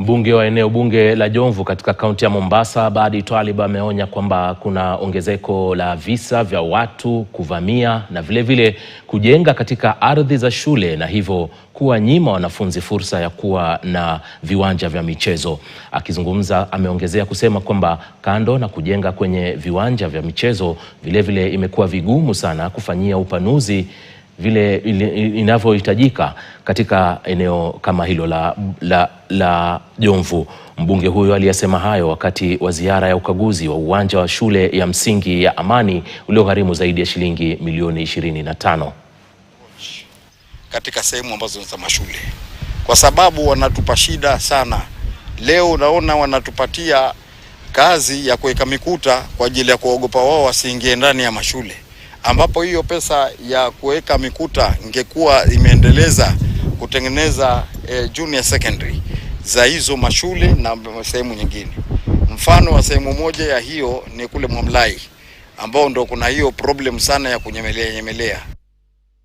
Mbunge wa eneo bunge la Jomvu katika kaunti ya Mombasa, badi Twalib ameonya kwamba kuna ongezeko la visa vya watu kuvamia na vilevile vile kujenga katika ardhi za shule na hivyo kuwanyima wanafunzi fursa ya kuwa na viwanja vya michezo. Akizungumza, ameongezea kusema kwamba kando na kujenga kwenye viwanja vya michezo, vilevile vile imekuwa vigumu sana kufanyia upanuzi vile inavyohitajika katika eneo kama hilo la, la, la Jomvu. Mbunge huyo aliyesema hayo wakati wa ziara ya ukaguzi wa uwanja wa shule ya msingi ya Amani uliogharimu zaidi ya shilingi milioni tano katika sehemu ambazo za mashule, kwa sababu wanatupa shida sana. Leo unaona wanatupatia kazi ya kuweka mikuta kwa ajili ya kuogopa wao wasiingie ndani ya mashule ambapo hiyo pesa ya kuweka mikuta ingekuwa imeendeleza kutengeneza eh, junior secondary za hizo mashule na sehemu nyingine. Mfano wa sehemu moja ya hiyo ni kule Mwamlai ambao ndo kuna hiyo problem sana ya kunyemelea nyemelea.